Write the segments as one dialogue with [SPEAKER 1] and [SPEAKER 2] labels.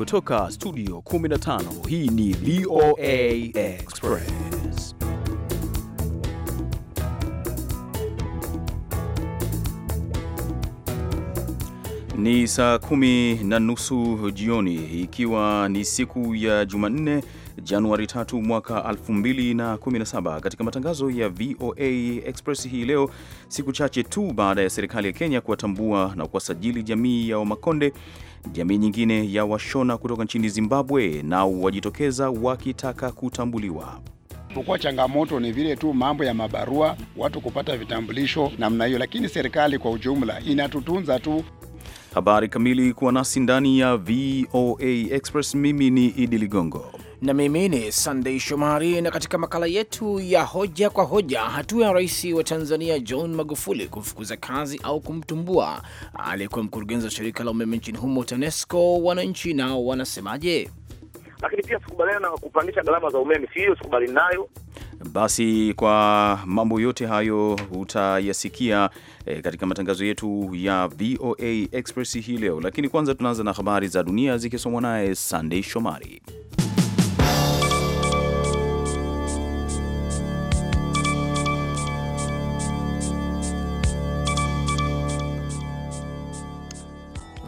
[SPEAKER 1] kutoka studio 15 hii ni VOA Express ni saa kumi na nusu jioni ikiwa ni siku ya Jumanne Januari 3 mwaka 2017 katika matangazo ya VOA Express hii leo, siku chache tu baada ya serikali ya Kenya kuwatambua na kuwasajili jamii ya Wamakonde, jamii nyingine ya Washona kutoka nchini Zimbabwe nao wajitokeza wakitaka kutambuliwa.
[SPEAKER 2] Pokuwa changamoto ni vile tu mambo ya mabarua, watu kupata vitambulisho namna hiyo, lakini serikali kwa ujumla inatutunza tu.
[SPEAKER 1] Habari kamili kuwa nasi ndani ya VOA Express. Mimi ni Idi Ligongo
[SPEAKER 3] na mimi ni Sunday Shomari, na katika makala yetu ya hoja kwa hoja, hatua ya rais wa Tanzania John Magufuli kumfukuza kazi au kumtumbua aliyekuwa mkurugenzi wa shirika la umeme nchini humo TANESCO, wananchi nao wanasemaje? Lakini
[SPEAKER 4] pia sikubaliana na kupandisha gharama za umeme, si hiyo, sikubali nayo.
[SPEAKER 1] Basi kwa mambo yote hayo utayasikia e, katika matangazo yetu ya VOA Express hii leo, lakini kwanza tunaanza na habari za dunia zikisomwa naye Sunday Shomari.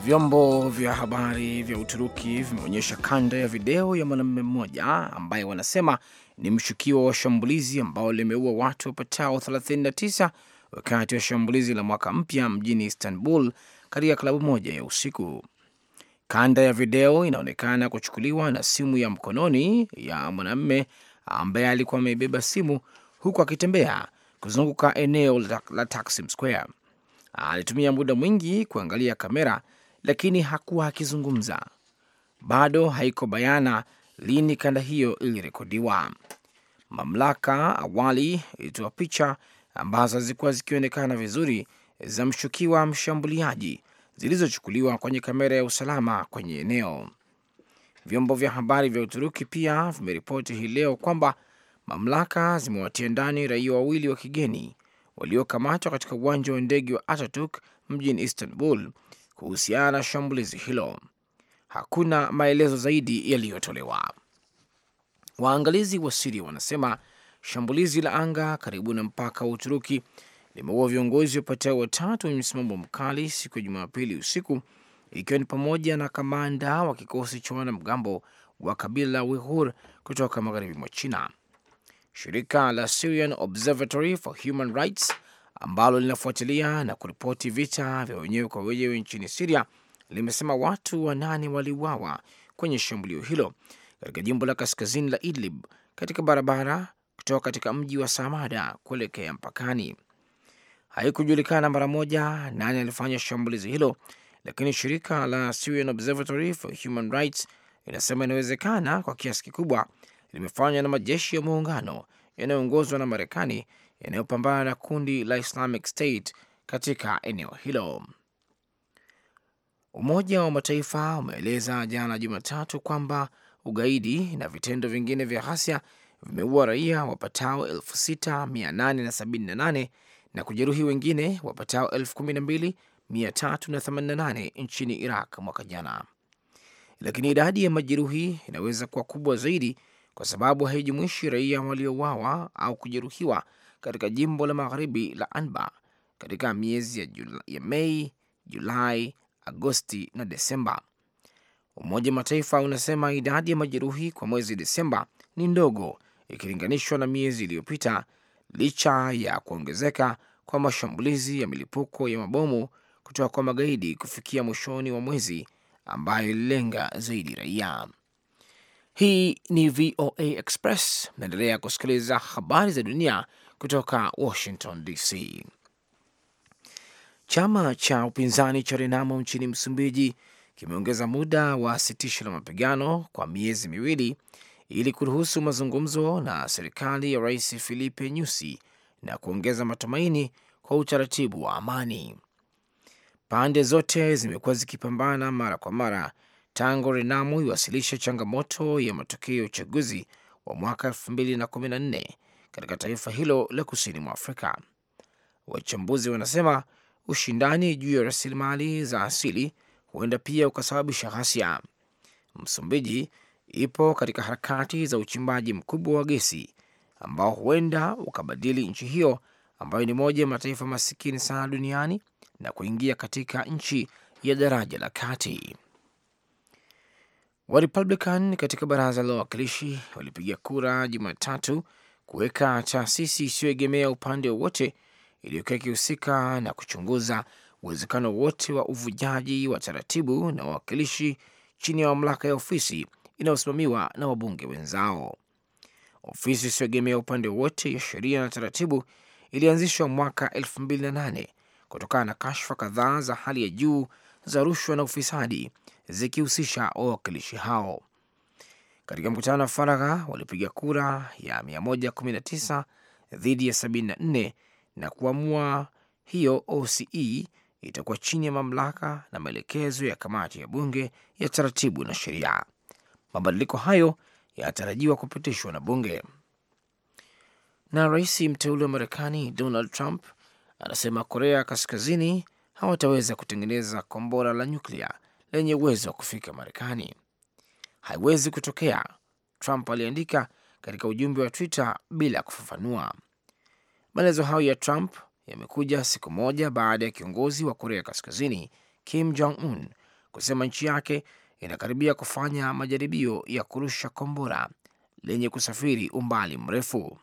[SPEAKER 3] Vyombo vya habari vya Uturuki vimeonyesha kanda ya video ya mwanamume mmoja ambaye wanasema ni mshukiwa wa shambulizi ambao limeua watu wapatao 39 wakati wa shambulizi la mwaka mpya mjini Istanbul katika klabu moja ya usiku. Kanda ya video inaonekana kuchukuliwa na simu ya mkononi ya mwanamume ambaye alikuwa amebeba simu huku akitembea kuzunguka eneo la Taksim Square. Alitumia muda mwingi kuangalia kamera lakini hakuwa akizungumza. Bado haiko bayana lini kanda hiyo ilirekodiwa. Mamlaka awali ilitoa picha ambazo hazikuwa zikionekana vizuri za mshukiwa mshambuliaji zilizochukuliwa kwenye kamera ya usalama kwenye eneo. Vyombo vya habari vya Uturuki pia vimeripoti hii leo kwamba mamlaka zimewatia ndani raia wawili wa kigeni waliokamatwa katika uwanja wa ndege wa Ataturk mjini Istanbul kuhusiana na shambulizi hilo. Hakuna maelezo zaidi yaliyotolewa. Waangalizi wa Siria wanasema shambulizi la anga karibu na mpaka wa Uturuki limeua viongozi wapatao watatu wenye msimamo mkali siku ya Jumapili usiku, ikiwa ni pamoja na kamanda wa kikosi cha wanamgambo wa kabila la Wihur kutoka magharibi mwa China. Shirika la Syrian Observatory for Human Rights ambalo linafuatilia na kuripoti vita vya wenyewe kwa wenyewe nchini Siria limesema watu wanane waliuawa kwenye shambulio hilo katika jimbo la kaskazini la Idlib katika barabara kutoka katika mji wa Samada kuelekea mpakani. Haikujulikana mara moja nani alifanya shambulizi hilo, lakini shirika la Syrian Observatory for Human Rights inawezekana kwa kiasi kikubwa limefanywa na majeshi ya muungano yanayoongozwa na Marekani yanayopambana na kundi la Islamic State katika eneo hilo. Umoja wa Mataifa umeeleza jana Jumatatu kwamba ugaidi na vitendo vingine vya ghasia vimeua raia wapatao 6878 na kujeruhi wengine wapatao 12388 nchini Iraq mwaka jana, lakini idadi ya majeruhi inaweza kuwa kubwa zaidi kwa sababu haijumuishi raia waliouawa au kujeruhiwa katika jimbo la magharibi la Anbar katika miezi ya, ya Mei, Julai, Agosti na Desemba. Umoja wa Mataifa unasema idadi ya majeruhi kwa mwezi Desemba ni ndogo ikilinganishwa na miezi iliyopita licha ya kuongezeka kwa mashambulizi ya milipuko ya mabomu kutoka kwa magaidi kufikia mwishoni wa mwezi ambayo ililenga zaidi raia. Hii ni VOA Express, naendelea kusikiliza habari za dunia kutoka Washington DC. Chama cha upinzani cha Renamo nchini Msumbiji kimeongeza muda wa sitisho la mapigano kwa miezi miwili ili kuruhusu mazungumzo na serikali ya Rais Filipe Nyusi na kuongeza matumaini kwa utaratibu wa amani. Pande zote zimekuwa zikipambana mara kwa mara tangu Renamo iwasilishe changamoto ya matokeo ya uchaguzi wa mwaka 2014 katika taifa hilo la kusini mwa Afrika. Wachambuzi wanasema ushindani juu ya rasilimali za asili huenda pia ukasababisha ghasia. Msumbiji ipo katika harakati za uchimbaji mkubwa wa gesi ambao huenda ukabadili nchi hiyo ambayo ni moja ya mataifa masikini sana duniani na kuingia katika nchi ya daraja la kati. Warepublican katika baraza la wawakilishi walipiga kura Jumatatu kuweka taasisi isiyoegemea upande wowote iliyokuwa ikihusika na kuchunguza uwezekano wote wa uvujaji wa taratibu na wawakilishi chini ya mamlaka ya ofisi inayosimamiwa na wabunge wenzao. Ofisi isiyoegemea upande wowote ya sheria na taratibu ilianzishwa mwaka 2008 kutokana na kashfa kadhaa za hali ya juu za rushwa na ufisadi zikihusisha wawakilishi hao. Katika mkutano wa faragha walipiga kura ya 119 dhidi ya 74 na kuamua hiyo OCE itakuwa chini ya mamlaka na maelekezo ya kamati ya bunge ya taratibu na sheria. Mabadiliko hayo yanatarajiwa kupitishwa na bunge. Na rais mteule wa Marekani Donald Trump anasema Korea Kaskazini hawataweza kutengeneza kombora la nyuklia lenye uwezo wa kufika Marekani haiwezi kutokea, Trump aliandika katika ujumbe wa Twitter bila kufafanua. Maelezo hayo ya Trump yamekuja siku moja baada ya kiongozi wa Korea Kaskazini Kim Jong Un kusema nchi yake inakaribia kufanya majaribio ya kurusha kombora lenye kusafiri umbali mrefu.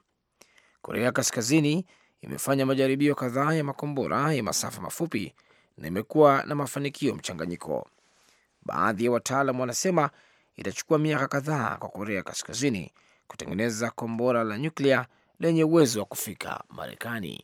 [SPEAKER 3] Korea Kaskazini imefanya majaribio kadhaa ya makombora ya masafa mafupi na imekuwa na mafanikio mchanganyiko. Baadhi ya wataalam wanasema itachukua miaka kadhaa kwa Korea Kaskazini kutengeneza kombora la nyuklia lenye uwezo wa kufika Marekani.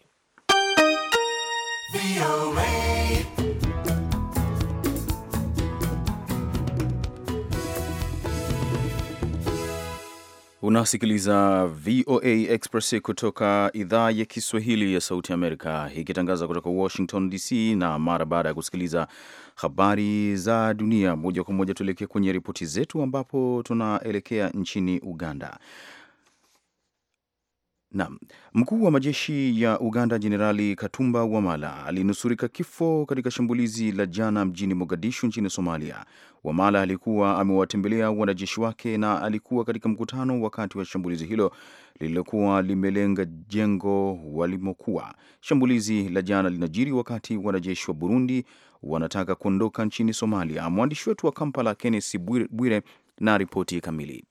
[SPEAKER 1] Unasikiliza VOA Express kutoka idhaa ya Kiswahili ya Sauti Amerika ikitangaza kutoka Washington DC. Na mara baada ya kusikiliza habari za dunia moja kwa moja. Tuelekee kwenye ripoti zetu, ambapo tunaelekea nchini Uganda. Naam, mkuu wa majeshi ya Uganda Jenerali Katumba Wamala alinusurika kifo katika shambulizi la jana mjini Mogadishu nchini Somalia. Wamala alikuwa amewatembelea wanajeshi wake na alikuwa katika mkutano wakati wa shambulizi hilo lililokuwa limelenga jengo walimokuwa. Shambulizi la jana linajiri wakati wanajeshi wa Burundi wanataka kuondoka nchini Somalia. Mwandishi wetu wa Kampala, Kennesi Bwire, na ripoti kamili.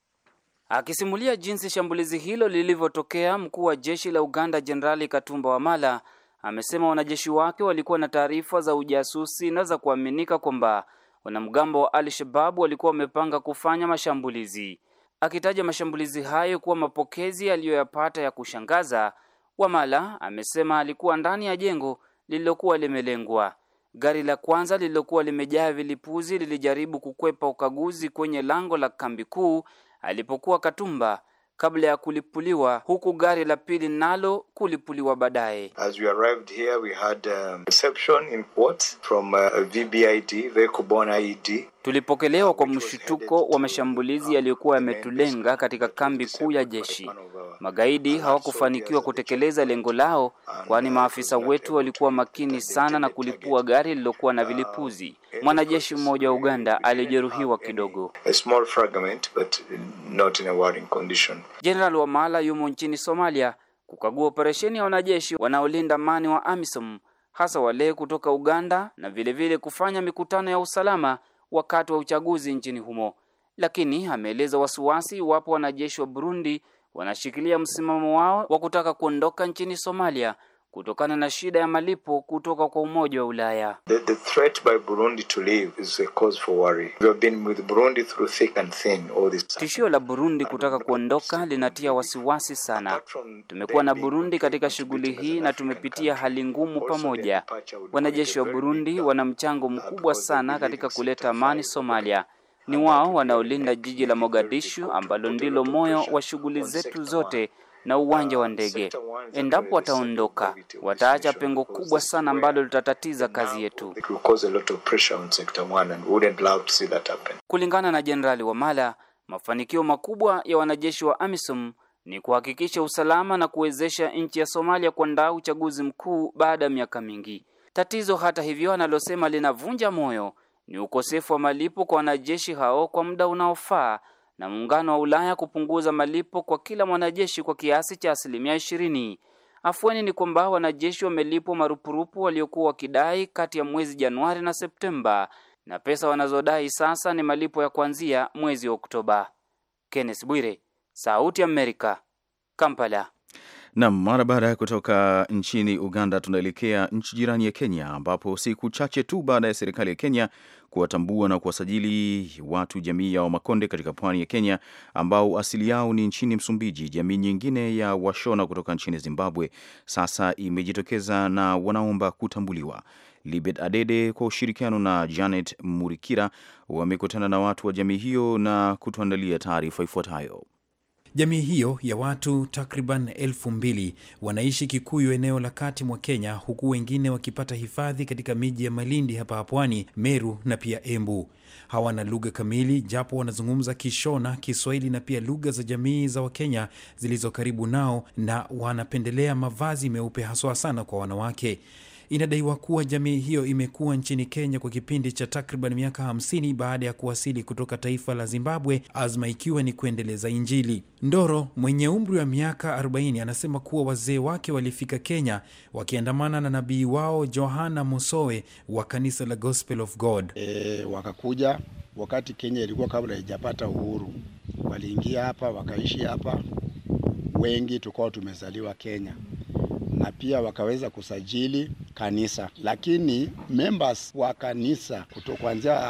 [SPEAKER 5] Akisimulia jinsi shambulizi hilo lilivyotokea, mkuu wa jeshi la Uganda Jenerali Katumba Wamala amesema wanajeshi wake walikuwa na taarifa za ujasusi na za kuaminika kwamba wanamgambo wa al shababu walikuwa wamepanga kufanya mashambulizi. Akitaja mashambulizi hayo kuwa mapokezi aliyoyapata ya kushangaza, Wamala amesema alikuwa ndani ya jengo lililokuwa limelengwa. Gari la kwanza lililokuwa limejaa vilipuzi lilijaribu kukwepa ukaguzi kwenye lango la kambi kuu alipokuwa Katumba kabla ya kulipuliwa huku gari la pili nalo kulipuliwa baadaye. As we arrived here we had a um, reception in port from a uh, VBID, Vehicle Borne ID. E Tulipokelewa kwa mshtuko wa mashambulizi yaliyokuwa yametulenga katika kambi kuu ya jeshi. Magaidi hawakufanikiwa kutekeleza lengo lao, kwani uh, maafisa wetu walikuwa makini sana na kulipua gari lililokuwa na uh, vilipuzi. Mwanajeshi mmoja wa Uganda alijeruhiwa kidogo. Jenerali Wamala yumo nchini Somalia kukagua operesheni ya wanajeshi wanaolinda amani wa AMISOM, hasa wale kutoka Uganda na vilevile vile kufanya mikutano ya usalama wakati wa uchaguzi nchini humo, lakini ameeleza wasiwasi iwapo wanajeshi wa Burundi wanashikilia msimamo wao wa kutaka kuondoka nchini Somalia kutokana na shida ya malipo kutoka kwa Umoja wa Ulaya. The, the threat by Burundi
[SPEAKER 2] to leave is a cause for worry. We have been with Burundi through thick and thin all this time.
[SPEAKER 5] Tishio la Burundi kutaka kuondoka linatia wasiwasi sana. Tumekuwa na Burundi katika shughuli hii na tumepitia hali ngumu pamoja. Wanajeshi wa Burundi wana mchango uh, mkubwa sana katika kuleta amani Somalia. Ni wao wanaolinda jiji la Mogadishu ambalo ndilo moyo wa shughuli zetu zote na uwanja wa ndege. Endapo wataondoka, wataacha pengo kubwa sana ambalo litatatiza kazi yetu. Kulingana na Jenerali Wamala, mafanikio makubwa ya wanajeshi wa AMISOM ni kuhakikisha usalama na kuwezesha nchi ya Somalia kuandaa uchaguzi mkuu baada ya miaka mingi. Tatizo hata hivyo, analosema linavunja moyo ni ukosefu wa malipo kwa wanajeshi hao kwa muda unaofaa na muungano wa Ulaya kupunguza malipo kwa kila mwanajeshi kwa kiasi cha asilimia ishirini. Afueni ni kwamba wanajeshi wamelipwa marupurupu waliokuwa wakidai kati ya mwezi Januari na Septemba, na pesa wanazodai sasa ni malipo ya kuanzia mwezi Oktoba. Kenneth Bwire, Sauti ya Amerika, Kampala.
[SPEAKER 1] Nam, mara baada ya kutoka nchini Uganda, tunaelekea nchi jirani ya Kenya, ambapo siku chache tu baada ya serikali ya Kenya kuwatambua na kuwasajili watu jamii ya Wamakonde katika pwani ya Kenya ambao asili yao ni nchini Msumbiji, jamii nyingine ya Washona kutoka nchini Zimbabwe sasa imejitokeza na wanaomba kutambuliwa. Libet Adede kwa ushirikiano na Janet Murikira wamekutana na watu wa jamii hiyo na kutuandalia taarifa ifuatayo.
[SPEAKER 6] Jamii hiyo ya watu takriban elfu mbili wanaishi Kikuyu eneo la kati mwa Kenya, huku wengine wakipata hifadhi katika miji ya Malindi hapa pwani, Meru na pia Embu. Hawana lugha kamili, japo wanazungumza Kishona, Kiswahili na pia lugha za jamii za Wakenya zilizo karibu nao, na wanapendelea mavazi meupe haswa sana kwa wanawake. Inadaiwa kuwa jamii hiyo imekuwa nchini Kenya kwa kipindi cha takriban miaka 50 baada ya kuwasili kutoka taifa la Zimbabwe, azma ikiwa ni kuendeleza Injili. Ndoro mwenye umri wa miaka 40 anasema kuwa wazee wake walifika Kenya wakiandamana na nabii wao Johana Musowe wa kanisa la Gospel of God. E, wakakuja wakati Kenya ilikuwa kabla haijapata uhuru, waliingia
[SPEAKER 2] hapa wakaishi hapa, wengi tukawa tumezaliwa Kenya na pia wakaweza kusajili kanisa, lakini members wa kanisa kuanzia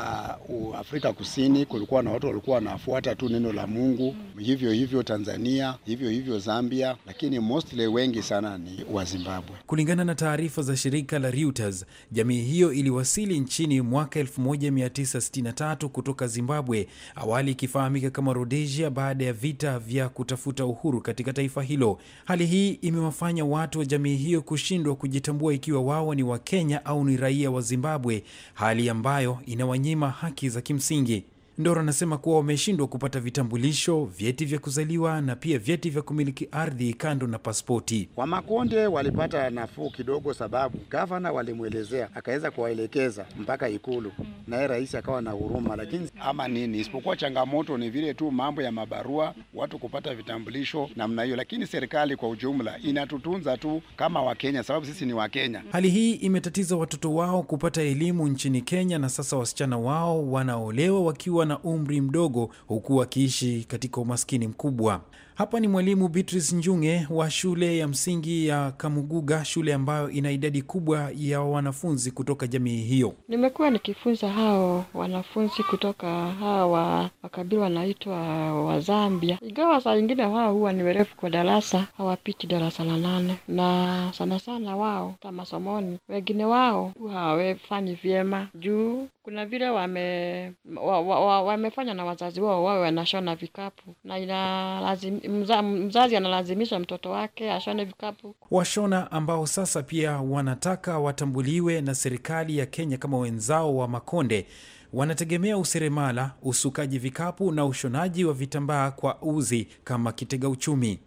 [SPEAKER 2] uh, Afrika Kusini kulikuwa na watu walikuwa wanafuata tu neno la Mungu, hivyo hivyo Tanzania, hivyo hivyo Zambia, lakini mostly wengi sana ni wa Zimbabwe.
[SPEAKER 6] Kulingana na taarifa za shirika la Reuters, jamii hiyo iliwasili nchini mwaka 1963 kutoka Zimbabwe, awali ikifahamika kama Rhodesia, baada ya vita vya kutafuta uhuru katika taifa hilo. Hali hii imewafanya watu wa jamii jamii hiyo kushindwa kujitambua ikiwa wao ni Wakenya au ni raia wa Zimbabwe, hali ambayo inawanyima haki za kimsingi. Ndoro anasema kuwa wameshindwa kupata vitambulisho, vyeti vya kuzaliwa na pia vyeti vya kumiliki ardhi kando na pasipoti. Wamakonde walipata
[SPEAKER 2] nafuu kidogo, sababu gavana walimwelezea akaweza kuwaelekeza mpaka Ikulu, naye rais akawa na huruma, lakini ama nini, isipokuwa changamoto ni vile tu mambo ya mabarua, watu kupata vitambulisho namna hiyo, lakini serikali kwa ujumla inatutunza tu kama Wakenya, sababu sisi ni Wakenya.
[SPEAKER 6] Hali hii imetatiza watoto wao kupata elimu nchini Kenya, na sasa wasichana wao wanaolewa wakiwa wakiwa na umri mdogo, huku wakiishi katika umaskini mkubwa. Hapa ni mwalimu Beatrice Njunge wa shule ya msingi ya Kamuguga, shule ambayo ina idadi kubwa ya wanafunzi kutoka jamii hiyo.
[SPEAKER 7] Nimekuwa nikifunza hao wanafunzi kutoka hawa wakabila wanaitwa Wazambia, ingawa saa ingine wao huwa ni werefu kwa darasa, hawapiti darasa la nane, na sana sana wao ta masomoni, wengine wao hawafanyi vyema juu kuna vile wame, wa, wa, wa, na wazazi wao wawe wanashona vikapu na ina lazim, mza, mzazi analazimisha mtoto wake ashone vikapu.
[SPEAKER 6] Washona ambao sasa pia wanataka watambuliwe na serikali ya Kenya kama wenzao wa Makonde wanategemea useremala, usukaji vikapu na ushonaji wa vitambaa kwa uzi kama kitega uchumi.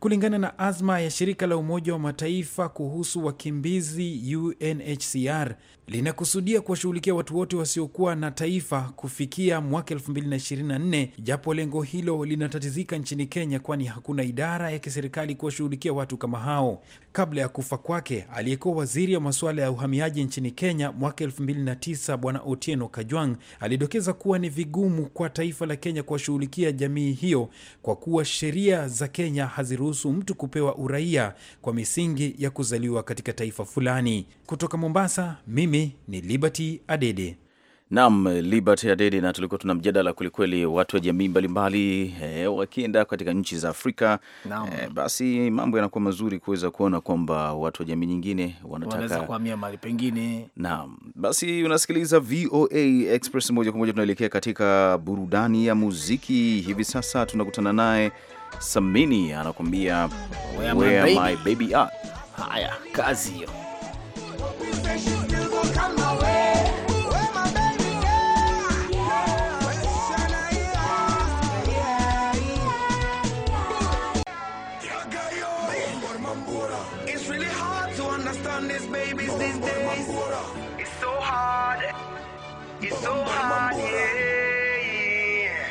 [SPEAKER 6] Kulingana na azma ya shirika la Umoja wa Mataifa kuhusu wakimbizi UNHCR linakusudia kuwashughulikia watu wote wasiokuwa na taifa kufikia mwaka 2024, japo lengo hilo linatatizika nchini Kenya, kwani hakuna idara ya kiserikali kuwashughulikia watu kama hao. Kabla ya kufa kwake, aliyekuwa waziri wa masuala ya uhamiaji nchini Kenya mwaka 2009, Bwana Otieno Kajwang' alidokeza kuwa ni vigumu kwa taifa la Kenya kuwashughulikia jamii hiyo kwa kuwa sheria za Kenya haziruhusu mtu kupewa uraia kwa misingi ya kuzaliwa katika taifa fulani. Kutoka Mombasa, mimi mimi ni Liberty Adede.
[SPEAKER 1] Naam, Liberty Adede, na tulikuwa tuna mjadala kwelikweli, watu wa jamii mbalimbali e, wakienda katika nchi za Afrika e, basi mambo yanakuwa mazuri kuweza kuona kwamba watu wa jamii nyingine wanataka
[SPEAKER 3] kuhamia mahali pengine.
[SPEAKER 1] Naam, basi unasikiliza VOA Express, moja kwa moja tunaelekea katika burudani ya muziki hivi sasa. Tunakutana naye Samini anakuambia where my baby are.
[SPEAKER 3] Haya,
[SPEAKER 5] kazi hiyo.
[SPEAKER 8] So hard, yeah.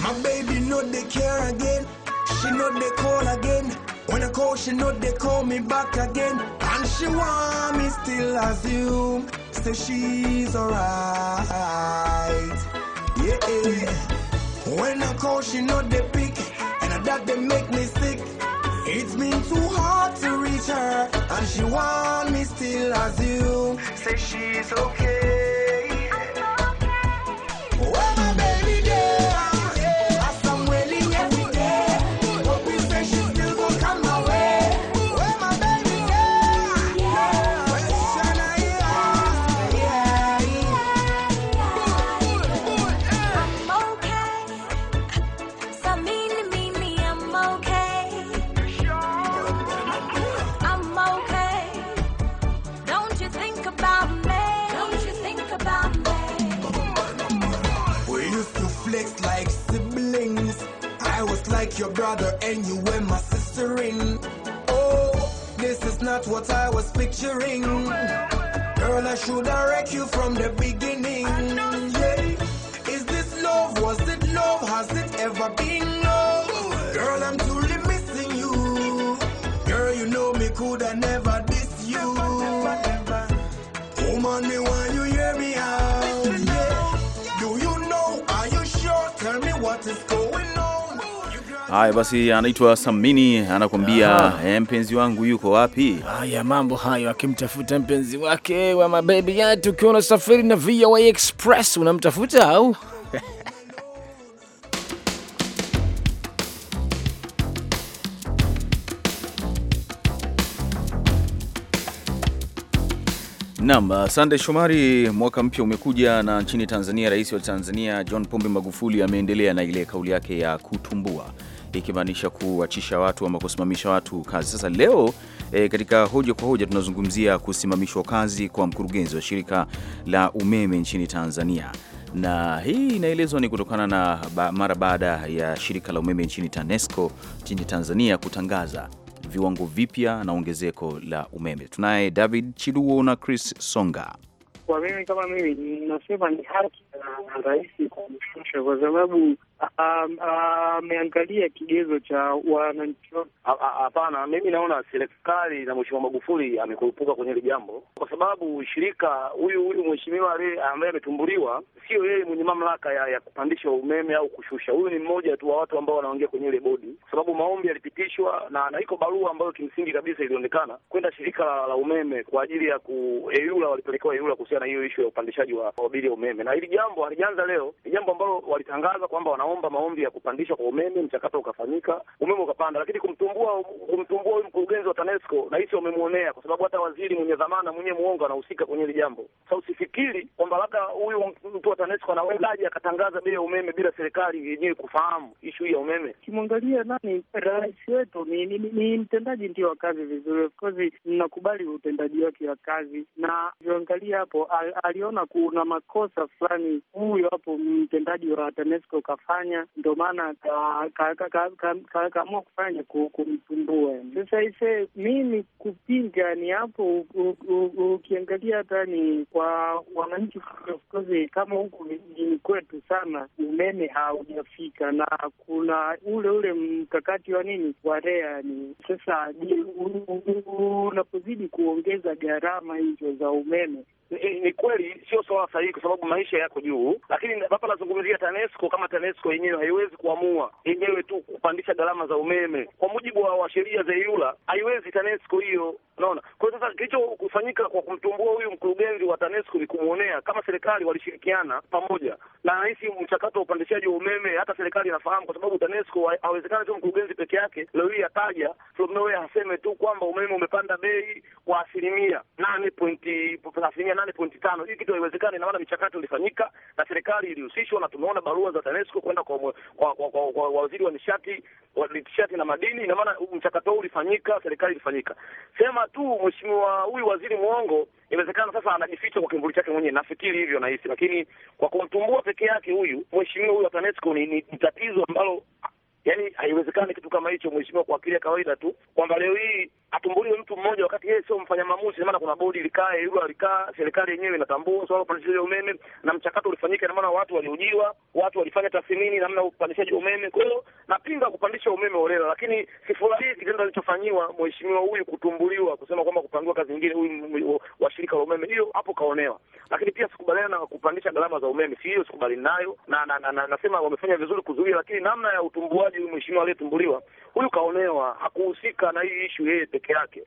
[SPEAKER 8] My baby know they care again. She know they call again. When I call, she know they call me back again. And she want me still assume. Say she's alright. Yeah. When I call, she know they pick. And that they make me sick. It's been too and she want me still as you. Say she's okay. your brother and you and my sister in. Oh, this is not what I was picturing. Girl, I should have wrecked you from the beginning. Yeah. Is this love? Was it love? Has it ever
[SPEAKER 1] Haya basi, anaitwa Samini anakuambia eh, mpenzi
[SPEAKER 3] wangu yuko wapi? Haya mambo hayo, akimtafuta mpenzi wake wa mabebi yetu. Ukiwa unasafiri na VOA Express unamtafuta au?
[SPEAKER 1] Nam, Sande Shomari, mwaka mpya umekuja na nchini Tanzania, rais wa Tanzania John Pombe Magufuli ameendelea na ile kauli yake ya kutumbua ikimaanisha kuachisha watu ama kusimamisha watu kazi. Sasa leo e, katika hoja kwa hoja tunazungumzia kusimamishwa kazi kwa mkurugenzi wa shirika la umeme nchini Tanzania na hii inaelezwa ni kutokana na ba, mara baada ya shirika la umeme nchini TANESCO nchini Tanzania kutangaza viwango vipya na ongezeko la umeme. Tunaye David chiduo na Chris Songa.
[SPEAKER 4] Kwa mimi kama mimi nasema ni haki na kumshusha kwa sababu um, ameangalia kigezo cha wananchi. Hapana, mimi naona serikali na Mheshimiwa Magufuli amekuepuka kwenye hili jambo, kwa sababu shirika huyu huyu mheshimiwa ambaye ametumbuliwa, sio yeye mwenye mamlaka ya, ya kupandisha umeme au kushusha. Huyu ni mmoja tu wa watu ambao wanaongea kwenye ile bodi, kwa sababu maombi yalipitishwa na, na iko barua ambayo kimsingi kabisa ilionekana kwenda shirika la, la umeme kwa ajili ya ku walipelekewa eula kuhusiana na hiyo ishu ya upandishaji wa bili ya umeme na hili jambo halijaanza leo, ni jambo ambalo walitangaza kwamba wanaomba maombi ya kupandishwa kwa umeme, mchakato ukafanyika, umeme ukapanda, lakini kumtumbua kumtumbua huyu mkurugenzi wa TANESCO nahisi wamemwonea, kwa sababu hata waziri mwenye dhamana mwenyewe muongo anahusika kwenye hili jambo. Sasa usifikiri kwamba labda huyu mtu wa TANESCO anawezaje akatangaza bei ya umeme bila serikali yenyewe kufahamu ishu hii ya umeme. Kimwangalia nani, rais wetu ni, ni, ni, ni mtendaji ndio wa kazi vizuri, of course ninakubali utendaji wake wa kazi, na ukiangalia hapo aliona kuna makosa fulani mkuu hapo mtendaji wa TANESCO kafanya, ndio maana kaamua kufanya kumtumbua. Sasa ise mimi kupinga ni hapo, ukiangalia hata ni kwa wananchi kama huku mjini kwetu sana umeme haujafika na kuna ule ule mkakati wa nini wa REA. Ni sasa unapozidi kuongeza gharama hizo za umeme ni, eh, ni eh, kweli sio swala sahihi, kwa sababu maisha yako juu, lakini hapa nazungumzia TANESCO kama TANESCO yenyewe haiwezi kuamua yenyewe tu kupandisha gharama za umeme kwa mujibu wa, wa sheria za EULA haiwezi TANESCO hiyo, unaona. Kwa hiyo sasa kufanyika kwa kumtumbua huyu mkurugenzi wa TANESCO ni kumwonea. Kama serikali walishirikiana pamoja na rahisi mchakato wa upandishaji wa umeme, hata serikali inafahamu, kwa sababu TANESCO hawezekani tu mkurugenzi peke yake leo hii ataja from nowhere aseme tu kwamba umeme umepanda bei kwa asilimia nane pointi asilimia asilimia nane pointi tano. Hii kitu haiwezekani. Ina maana michakato ilifanyika na serikali ilihusishwa, na tumeona barua za TANESCO kwenda kwa, kwa, kwa, kwa, kwa, kwa waziri wa nishati wa nishati na madini. Ina maana mchakato huu ulifanyika, serikali ilifanyika. Sema tu mheshimiwa huyu waziri mwongo, inawezekana sasa anajificha kwa kimbuli chake mwenyewe, nafikiri hivyo na hisi, lakini kwa kumtumbua peke yake huyu mheshimiwa huyu wa TANESCO ni, ni ni tatizo ambalo yaani haiwezekani kitu kama hicho, mheshimiwa, kwa akili ya kawaida tu kwamba leo hii atumbuliwe mtu mmoja, wakati yeye sio mfanya maamuzi. Maana kuna bodi ilikaa, yule alikaa, serikali yenyewe inatambua swala upandishaji wa umeme na mchakato ulifanyika, na maana watu waliojiwa, watu walifanya tathmini namna upandishaji wa umeme. Kwa hiyo napinga kupandisha umeme holela, lakini sifurahii kitendo alichofanyiwa mheshimiwa huyu, kutumbuliwa, kusema kwamba kupangiwa kazi nyingine huyu wa shirika la umeme, hiyo hapo kaonewa. Lakini pia sikubaliana na kupandisha gharama za umeme, si hiyo sikubali nayo, na, na, na, na, nasema wamefanya vizuri kuzuia, lakini namna ya utumbuaji huyu mheshimiwa aliyetumbuliwa huyu kaonewa, hakuhusika na hii ishu yeye peke yake.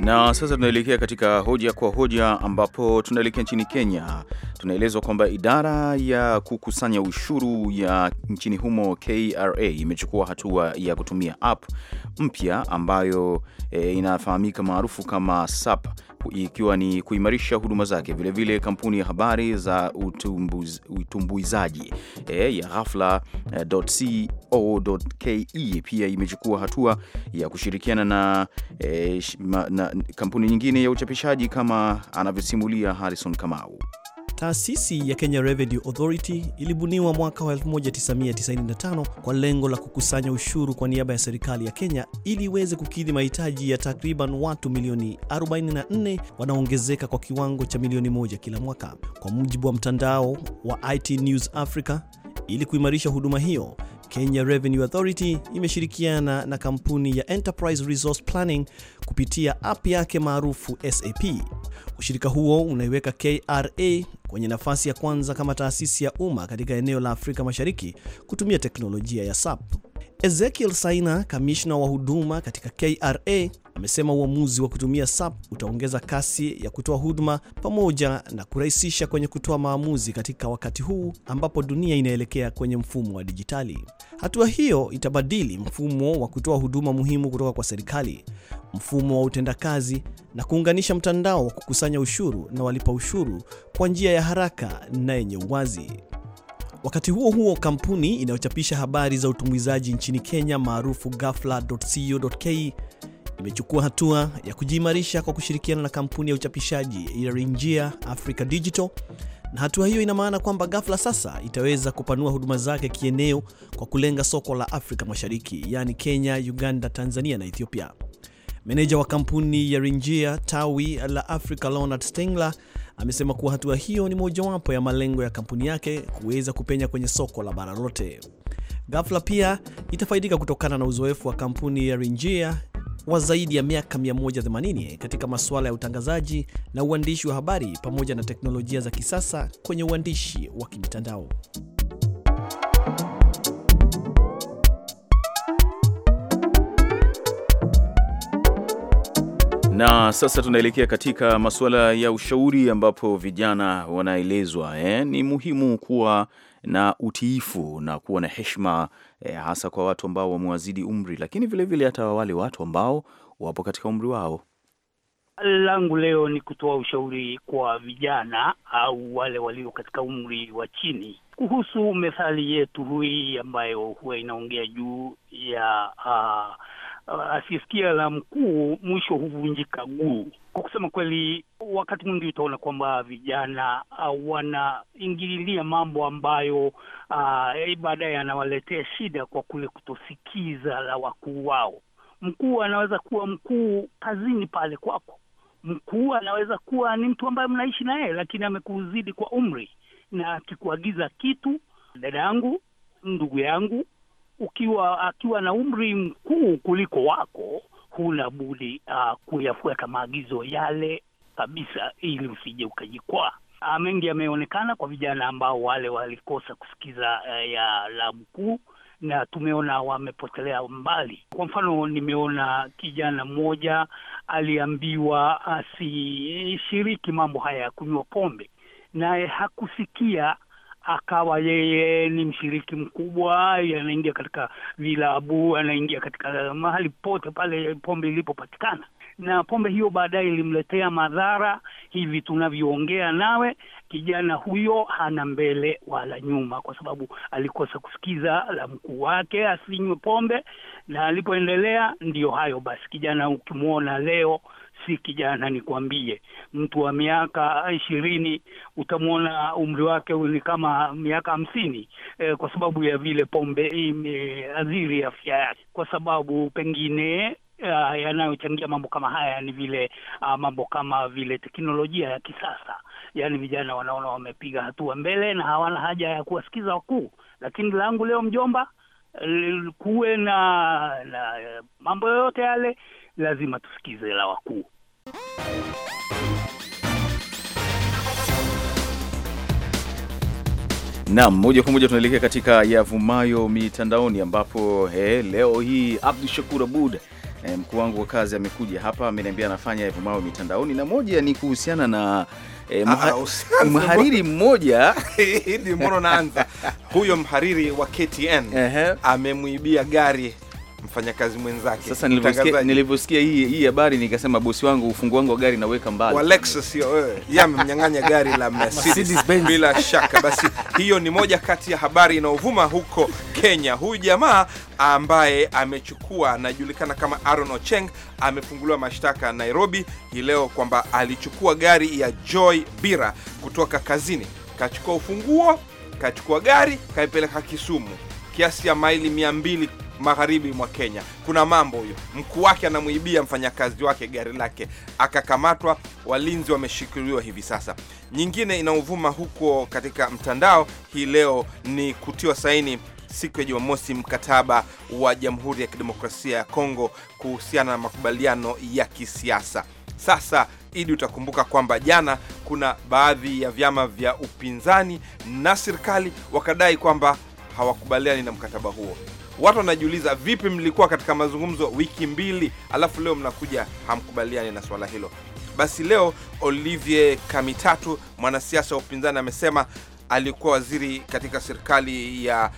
[SPEAKER 1] Na sasa tunaelekea katika hoja kwa hoja, ambapo tunaelekea nchini Kenya. Tunaelezwa kwamba idara ya kukusanya ushuru ya nchini humo KRA imechukua hatua ya kutumia app mpya ambayo e, inafahamika maarufu kama SAP ikiwa ni kuimarisha huduma zake. Vilevile vile kampuni ya habari za utumbuizaji e, ya ghafla.co.ke e, pia imechukua hatua ya kushirikiana na, e, na kampuni nyingine ya uchapishaji kama anavyosimulia Harrison Kamau.
[SPEAKER 7] Taasisi ya Kenya Revenue Authority ilibuniwa mwaka wa 1995 kwa lengo la kukusanya ushuru kwa niaba ya serikali ya Kenya ili iweze kukidhi mahitaji ya takriban watu milioni 44 wanaongezeka kwa kiwango cha milioni moja kila mwaka. Kwa mujibu wa mtandao wa IT News Africa, ili kuimarisha huduma hiyo, Kenya Revenue Authority imeshirikiana na kampuni ya Enterprise Resource Planning kupitia app yake maarufu SAP Ushirika huo unaiweka KRA kwenye nafasi ya kwanza kama taasisi ya umma katika eneo la Afrika Mashariki kutumia teknolojia ya SAP. Ezekiel Saina, kamishna wa huduma katika KRA, Amesema uamuzi wa kutumia SAP utaongeza kasi ya kutoa huduma pamoja na kurahisisha kwenye kutoa maamuzi katika wakati huu ambapo dunia inaelekea kwenye mfumo wa dijitali. Hatua hiyo itabadili mfumo wa kutoa huduma muhimu kutoka kwa serikali, mfumo wa utendakazi na kuunganisha mtandao wa kukusanya ushuru na walipa ushuru kwa njia ya haraka na yenye uwazi. Wakati huo huo, kampuni inayochapisha habari za utumwizaji nchini Kenya maarufu Gafla.co.ke imechukua hatua ya kujiimarisha kwa kushirikiana na kampuni ya uchapishaji ya Rinjia Africa Digital, na hatua hiyo ina maana kwamba ghafla sasa itaweza kupanua huduma zake kieneo kwa kulenga soko la Afrika Mashariki, yaani Kenya, Uganda, Tanzania na Ethiopia. Meneja wa kampuni ya Ringia tawi la Africa, Leonard Stengler, amesema kuwa hatua hiyo ni mojawapo ya malengo ya kampuni yake kuweza kupenya kwenye soko la bara lote. Ghafla pia itafaidika kutokana na uzoefu wa kampuni ya Ringia wa zaidi ya miaka 180 katika masuala ya utangazaji na uandishi wa habari pamoja na teknolojia za kisasa kwenye uandishi wa kimtandao
[SPEAKER 1] Na sasa tunaelekea katika masuala ya ushauri ambapo vijana wanaelezwa eh, ni muhimu kuwa na utiifu na kuwa na heshima e, hasa kwa watu ambao wamewazidi umri, lakini vilevile hata wale watu ambao wapo katika umri wao.
[SPEAKER 9] Langu leo ni kutoa ushauri kwa vijana au wale walio katika umri wa chini kuhusu methali yetu hii ambayo huwa inaongea juu ya uh, ah, ah, asisikia la mkuu mwisho huvunjika guu. Kwa kusema kweli, wakati mwingi utaona kwamba vijana uh, wanaingililia mambo ambayo uh, eh, baadaye yanawaletea shida kwa kule kutosikiza la wakuu wao. Mkuu anaweza kuwa mkuu kazini pale kwako, mkuu anaweza kuwa ni mtu ambaye mnaishi na yeye, lakini amekuzidi kwa umri, na akikuagiza kitu, dada yangu, ndugu yangu, ukiwa akiwa na umri mkuu kuliko wako huna budi uh, kuyafuata maagizo yale kabisa, ili usije ukajikwaa. Uh, mengi yameonekana kwa vijana ambao wale walikosa kusikiza uh, ya labu kuu na tumeona wamepotelea mbali. Kwa mfano, nimeona kijana mmoja aliambiwa asishiriki mambo haya ya kunywa pombe, naye hakusikia akawa yeye ni mshiriki mkubwa, anaingia katika vilabu, anaingia katika mahali pote pale pombe ilipopatikana, na pombe hiyo baadaye ilimletea madhara. Hivi tunavyoongea nawe, kijana huyo hana mbele wala nyuma, kwa sababu alikosa kusikiza la mkuu wake asinywe pombe, na alipoendelea ndiyo hayo basi. Kijana ukimwona leo si kijana, nikwambie, mtu wa miaka ishirini utamwona umri wake ni kama miaka hamsini eh, kwa sababu ya vile pombe imeadhiri afya yake, kwa sababu pengine Uh, yanayochangia mambo kama haya ni vile uh, mambo kama vile teknolojia ya kisasa, yaani vijana wanaona wamepiga hatua mbele na hawana haja ya kuwasikiza wakuu. Lakini langu leo, mjomba, kuwe na, na mambo yoyote yale, lazima tusikize la wakuu.
[SPEAKER 1] Naam, moja kwa moja tunaelekea katika yavumayo mitandaoni ambapo he, eh, leo hii Abdu Shakur Abud eh, mkuu wangu wa kazi amekuja hapa, ameniambia anafanya yavumayo mitandaoni na moja ni kuhusiana
[SPEAKER 8] na E, mha ah, mhariri mmoja naanza huyo mhariri wa KTN uh -huh. amemwibia gari mfanyakazi mwenzake. Sasa nilivyosikia nilivyosikia hii hii habari nikasema, bosi wangu, ufungu wangu wa gari naweka mbali. Wa Lexus sio wewe, yeye amemnyang'anya gari la Mercedes Benz bila shaka. Basi hiyo ni moja kati ya habari inayovuma huko Kenya. Huyu jamaa ambaye amechukua anajulikana kama Aaron Ocheng amefunguliwa mashtaka Nairobi hii leo kwamba alichukua gari ya Joy Bira kutoka kazini, kachukua ufunguo, kachukua gari, kaipeleka Kisumu, kiasi ya maili 200 magharibi mwa Kenya. Kuna mambo huyo, mkuu wake anamwibia mfanyakazi wake gari lake, akakamatwa. Walinzi wameshikiliwa hivi sasa. Nyingine inaovuma huko katika mtandao hii leo ni kutiwa saini siku ya Jumamosi mkataba wa Jamhuri ya Kidemokrasia ya Kongo kuhusiana na makubaliano ya kisiasa. Sasa Idi, utakumbuka kwamba jana kuna baadhi ya vyama vya upinzani na serikali wakadai kwamba hawakubaliani na mkataba huo. Watu wanajiuliza vipi, mlikuwa katika mazungumzo wiki mbili, alafu leo mnakuja hamkubaliani na swala hilo. Basi leo Olivier Kamitatu, mwanasiasa wa upinzani, amesema alikuwa waziri katika serikali ya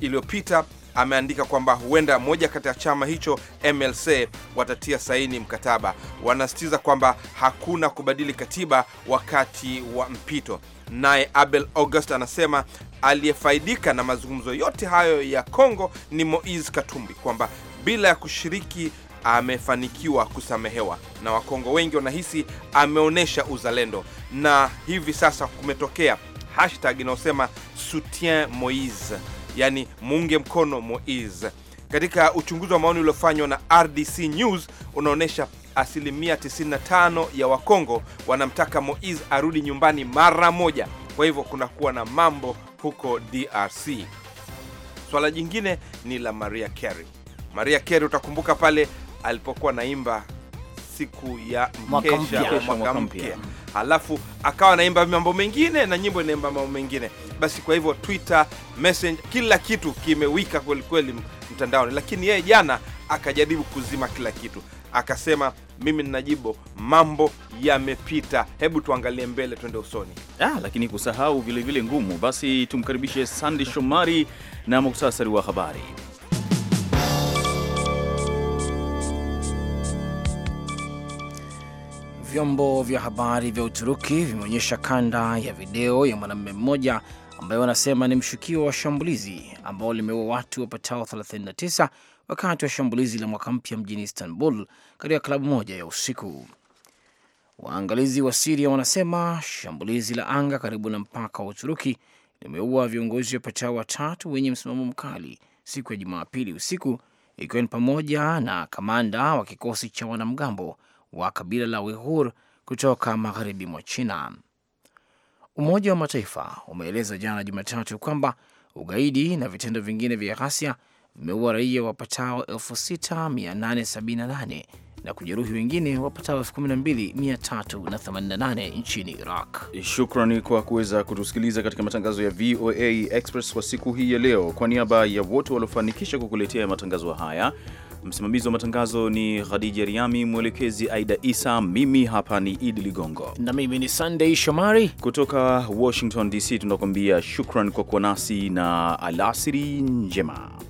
[SPEAKER 8] iliyopita ameandika kwamba huenda moja kati ya chama hicho MLC watatia saini mkataba. Wanasitiza kwamba hakuna kubadili katiba wakati wa mpito. Naye Abel August anasema aliyefaidika na mazungumzo yote hayo ya Kongo ni Moise Katumbi, kwamba bila ya kushiriki amefanikiwa kusamehewa na Wakongo wengi wanahisi ameonyesha uzalendo, na hivi sasa kumetokea hashtag inayosema soutien Moise, yani muunge mkono Moise. Katika uchunguzi wa maoni uliofanywa na RDC News unaonyesha asilimia 95 ya Wakongo wanamtaka Moiz arudi nyumbani mara moja. Kwa hivyo kunakuwa na mambo huko DRC. Swala jingine ni la Maria Carey. Maria Carey, utakumbuka pale alipokuwa naimba siku ya mkesha mwaka mpya, halafu akawa naimba mambo mengine na nyimbo inaimba mambo mengine. Basi kwa hivyo Twitter, Messenger, kila kitu kimewika kwelikweli mtandaoni, lakini yeye jana akajaribu kuzima kila kitu akasema mimi ninajibu mambo yamepita, hebu tuangalie mbele, twende usoni. Ah, lakini kusahau vilevile ngumu. Basi tumkaribishe Sandi
[SPEAKER 1] Shomari na muktasari wa habari.
[SPEAKER 3] Vyombo vya habari vya Uturuki vimeonyesha kanda ya video ya mwanamume mmoja ambaye wanasema ni mshukiwa wa shambulizi ambao limeua watu wapatao 39 wakati wa shambulizi la mwaka mpya mjini Istanbul katika klabu moja ya usiku. Waangalizi wa Siria wanasema shambulizi la anga karibu na mpaka wa Uturuki limeua viongozi wapatao watatu wenye msimamo mkali siku ya Jumapili usiku, ikiwa ni pamoja na kamanda wa kikosi cha wanamgambo wa kabila la Uighur kutoka magharibi mwa China. Umoja wa Mataifa umeeleza jana Jumatatu kwamba ugaidi na vitendo vingine vya ghasia vimeua raia wapatao 6878 na kujeruhi wengine wapatao 12388 nchini Iraq.
[SPEAKER 1] Shukrani kwa kuweza kutusikiliza katika matangazo ya VOA Express kwa siku hii ya leo. Kwa niaba ya wote waliofanikisha kukuletea matangazo haya, msimamizi wa matangazo ni Khadija Riami, mwelekezi Aida Isa, mimi hapa ni Idi Ligongo na mimi ni Sunday Shomari kutoka Washington DC, tunakuambia shukran kwa kuwa nasi na alasiri njema.